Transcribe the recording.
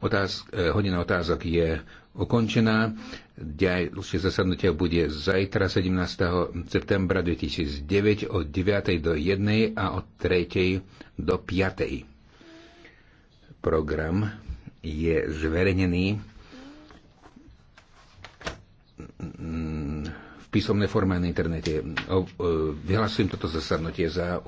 Otáz, eh, hodina otázok je ukončená. Ďalšie zasadnutie bude zajtra 17. septembra 2009 od 9. do 1. a od 3. do 5. Program je zverejnený mm, v písomnej forme na internete. E, vyhlasujem toto zasadnutie za